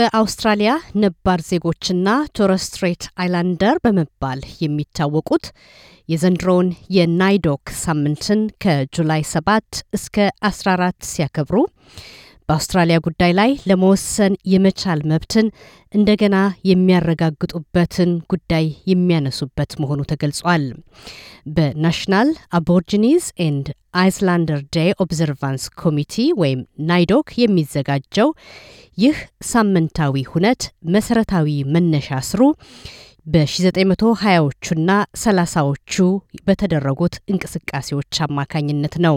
በአውስትራሊያ ነባር ዜጎችና ቶረስትሬት አይላንደር በመባል የሚታወቁት የዘንድሮውን የናይዶክ ሳምንትን ከጁላይ 7 እስከ 14 ሲያከብሩ በአውስትራሊያ ጉዳይ ላይ ለመወሰን የመቻል መብትን እንደገና የሚያረጋግጡበትን ጉዳይ የሚያነሱበት መሆኑ ተገልጿል። በናሽናል አቦርጂኒዝ ኤንድ አይስላንደር ዴይ ኦብዘርቫንስ ኮሚቲ ወይም ናይዶክ የሚዘጋጀው ይህ ሳምንታዊ ሁነት መሰረታዊ መነሻ ስሩ በ1920ዎቹና 30ዎቹ በተደረጉት እንቅስቃሴዎች አማካኝነት ነው።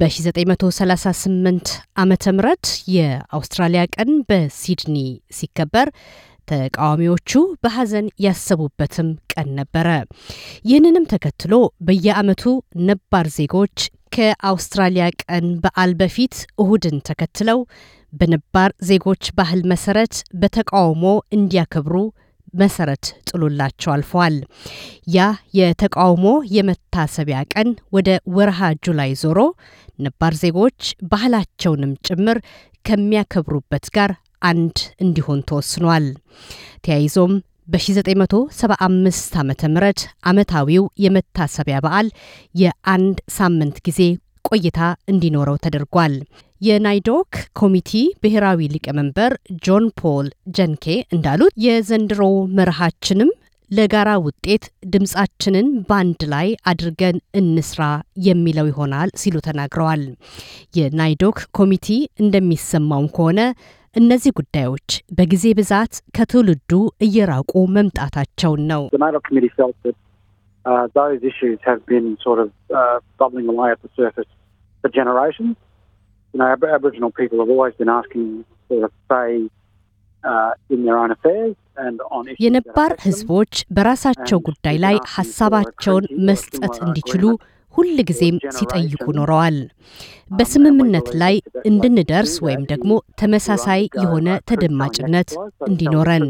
በ1938 ዓ ም የአውስትራሊያ ቀን በሲድኒ ሲከበር ተቃዋሚዎቹ በሐዘን ያሰቡበትም ቀን ነበረ። ይህንንም ተከትሎ በየዓመቱ ነባር ዜጎች ከአውስትራሊያ ቀን በዓል በፊት እሁድን ተከትለው በነባር ዜጎች ባህል መሰረት በተቃውሞ እንዲያከብሩ መሰረት ጥሎላቸው አልፈዋል። ያ የተቃውሞ የመታሰቢያ ቀን ወደ ወርሃ ጁላይ ዞሮ ነባር ዜጎች ባህላቸውንም ጭምር ከሚያከብሩበት ጋር አንድ እንዲሆን ተወስኗል። ተያይዞም በ1975 ዓ ም ዓመታዊው የመታሰቢያ በዓል የአንድ ሳምንት ጊዜ ቆይታ እንዲኖረው ተደርጓል። የናይዶክ ኮሚቲ ብሔራዊ ሊቀመንበር ጆን ፖል ጀንኬ እንዳሉት የዘንድሮ መርሃችንም ለጋራ ውጤት ድምፃችንን ባንድ ላይ አድርገን እንስራ የሚለው ይሆናል ሲሉ ተናግረዋል። የናይዶክ ኮሚቲ እንደሚሰማውም ከሆነ እነዚህ ጉዳዮች በጊዜ ብዛት ከትውልዱ እየራቁ መምጣታቸውን ነው። You know, Aboriginal people have always been asking for a say uh, የነባር ህዝቦች በራሳቸው ጉዳይ ላይ ሀሳባቸውን መስጠት እንዲችሉ ሁል ጊዜም ሲጠይቁ ኖረዋል። um, በስምምነት ላይ እንድንደርስ ወይም ደግሞ ተመሳሳይ የሆነ ተደማጭነት እንዲኖረን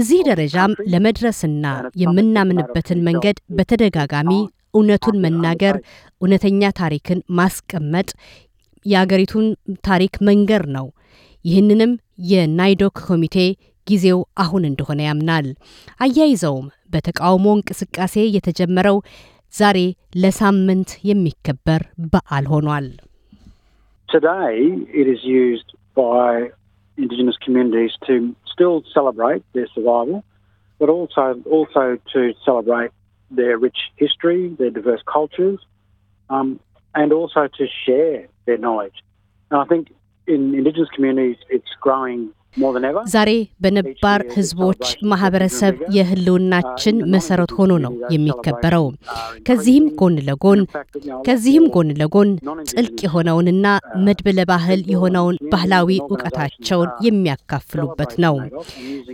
እዚህ ደረጃም ለመድረስና የምናምንበትን መንገድ በተደጋጋሚ እውነቱን መናገር፣ እውነተኛ ታሪክን ማስቀመጥ፣ የአገሪቱን ታሪክ መንገር ነው። ይህንንም የናይዶክ ኮሚቴ ጊዜው አሁን እንደሆነ ያምናል። አያይዘውም በተቃውሞ እንቅስቃሴ የተጀመረው ዛሬ ለሳምንት የሚከበር በዓል ሆኗል። ዛሬ and also to share their knowledge. And I think in indigenous communities, it's growing ዛሬ በነባር ህዝቦች ማህበረሰብ የህልውናችን uh, መሰረት ሆኖ ነው የሚከበረው። uh, ከዚህም ጎን ለጎን ከዚህም ጎን ለጎን ጥልቅ የሆነውንና uh, መድብለ ባህል የሆነውን ባህላዊ እውቀታቸውን የሚያካፍሉበት ነው።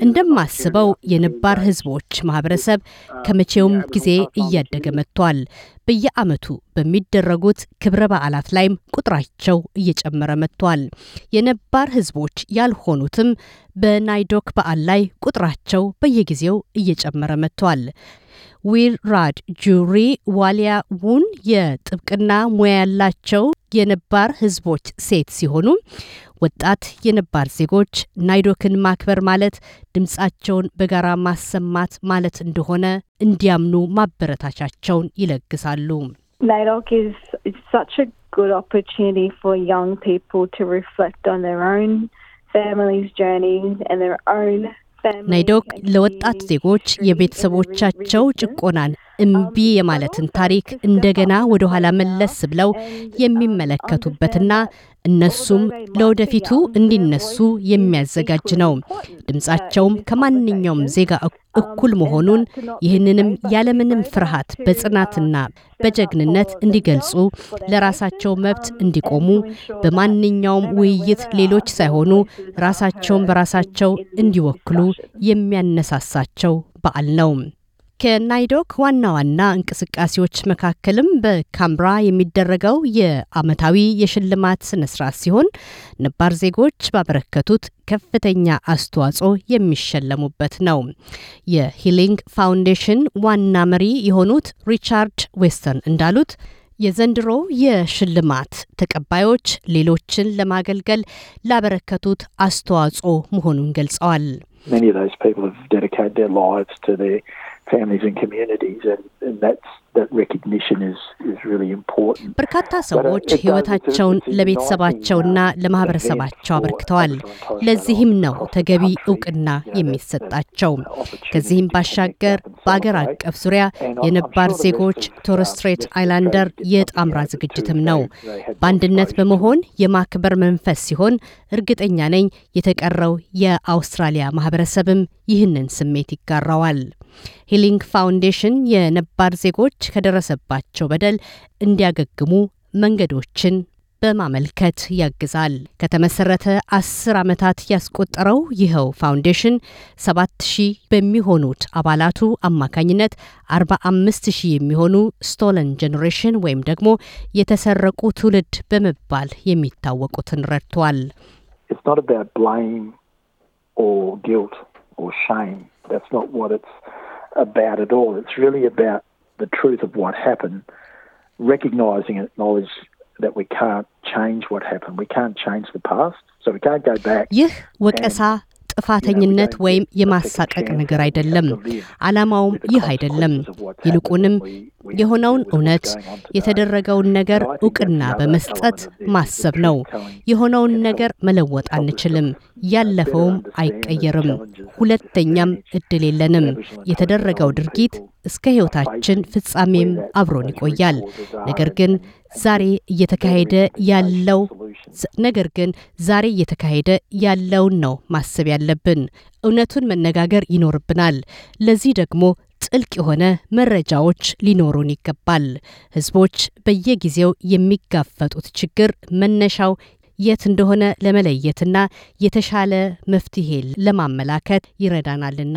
እንደማስበው የነባር ህዝቦች ማህበረሰብ ከመቼውም ጊዜ እያደገ መጥቷል። በየዓመቱ በሚደረጉት ክብረ በዓላት ላይም ቁጥራቸው እየጨመረ መጥቷል። የነባር ህዝቦች ያልሆኑትም በናይዶክ በዓል ላይ ቁጥራቸው በየጊዜው እየጨመረ መጥቷል። ዊር ራድ ጁሪ ዋሊያ ውን የጥብቅና ሙያ ያላቸው የነባር ህዝቦች ሴት ሲሆኑ ወጣት የነባር ዜጎች ናይዶክን ማክበር ማለት ድምፃቸውን በጋራ ማሰማት ማለት እንደሆነ እንዲያምኑ ማበረታቻቸውን ይለግሳሉ። ጉድ ኦፖርቹኒቲ ፎር ያንግ ፒፕል ቱ ናይዶክ ለወጣት ዜጎች የቤተሰቦቻቸው ጭቆናን እምቢ የማለትን ታሪክ እንደገና ወደ ኋላ መለስ ብለው የሚመለከቱበትና እነሱም ለወደፊቱ እንዲነሱ የሚያዘጋጅ ነው። ድምጻቸውም ከማንኛውም ዜጋ እኩል መሆኑን ይህንንም ያለምንም ፍርሃት በጽናትና በጀግንነት እንዲገልጹ ለራሳቸው መብት እንዲቆሙ በማንኛውም ውይይት ሌሎች ሳይሆኑ ራሳቸውን በራሳቸው እንዲወክሉ የሚያነሳሳቸው በዓል ነው። ከናይዶክ ዋና ዋና እንቅስቃሴዎች መካከልም በካምብራ የሚደረገው የአመታዊ የሽልማት ስነ ስርዓት ሲሆን ነባር ዜጎች ባበረከቱት ከፍተኛ አስተዋጽኦ የሚሸለሙበት ነው። የሂሊንግ ፋውንዴሽን ዋና መሪ የሆኑት ሪቻርድ ዌስተን እንዳሉት የዘንድሮ የሽልማት ተቀባዮች ሌሎችን ለማገልገል ላበረከቱት አስተዋጽኦ መሆኑን ገልጸዋል። families and communities, and, and that's በርካታ uh, ሰዎች ህይወታቸውን ለቤተሰባቸውና ለማህበረሰባቸው አበርክተዋል። ለዚህም ነው ተገቢ እውቅና የሚሰጣቸው። ከዚህም ባሻገር በአገር አቀፍ ዙሪያ የነባር ዜጎች ቶርስትሬት አይላንደር የጣምራ ዝግጅትም ነው። በአንድነት በመሆን የማክበር መንፈስ ሲሆን እርግጠኛ ነኝ የተቀረው የአውስትራሊያ ማህበረሰብም ይህንን ስሜት ይጋራዋል። ሂሊንግ ፋውንዴሽን የነባር ዜጎች ከደረሰባቸው በደል እንዲያገግሙ መንገዶችን በማመልከት ያግዛል። ከተመሰረተ አስር ዓመታት ያስቆጠረው ይኸው ፋውንዴሽን ሺህ በሚሆኑት አባላቱ አማካኝነት ሺህ የሚሆኑ ስቶለን ጄኔሬሽን ወይም ደግሞ የተሰረቁ ትውልድ በመባል የሚታወቁትን ረድቷል። the truth of what happened, recognizing and acknowledge that we can't change what happened. We can't change the past, so we can't go back. ይህ ጥፋተኝነት ወይም የማሳቀቅ ነገር አይደለም። ዓላማውም ይህ አይደለም። ይልቁንም የሆነውን እውነት የተደረገውን ነገር እውቅና በመስጠት ማሰብ ነው። የሆነውን ነገር መለወጥ አንችልም፣ ያለፈውም አይቀየርም። ሁለተኛም እድል የለንም። የተደረገው ድርጊት እስከ ሕይወታችን ፍጻሜም አብሮን ይቆያል። ነገር ግን ዛሬ እየተካሄደ ያለው ነገር ግን ዛሬ እየተካሄደ ያለውን ነው ማሰብ ያለብን። እውነቱን መነጋገር ይኖርብናል። ለዚህ ደግሞ ጥልቅ የሆነ መረጃዎች ሊኖሩን ይገባል። ህዝቦች በየጊዜው የሚጋፈጡት ችግር መነሻው የት እንደሆነ ለመለየትና የተሻለ መፍትሄ ለማመላከት ይረዳናልና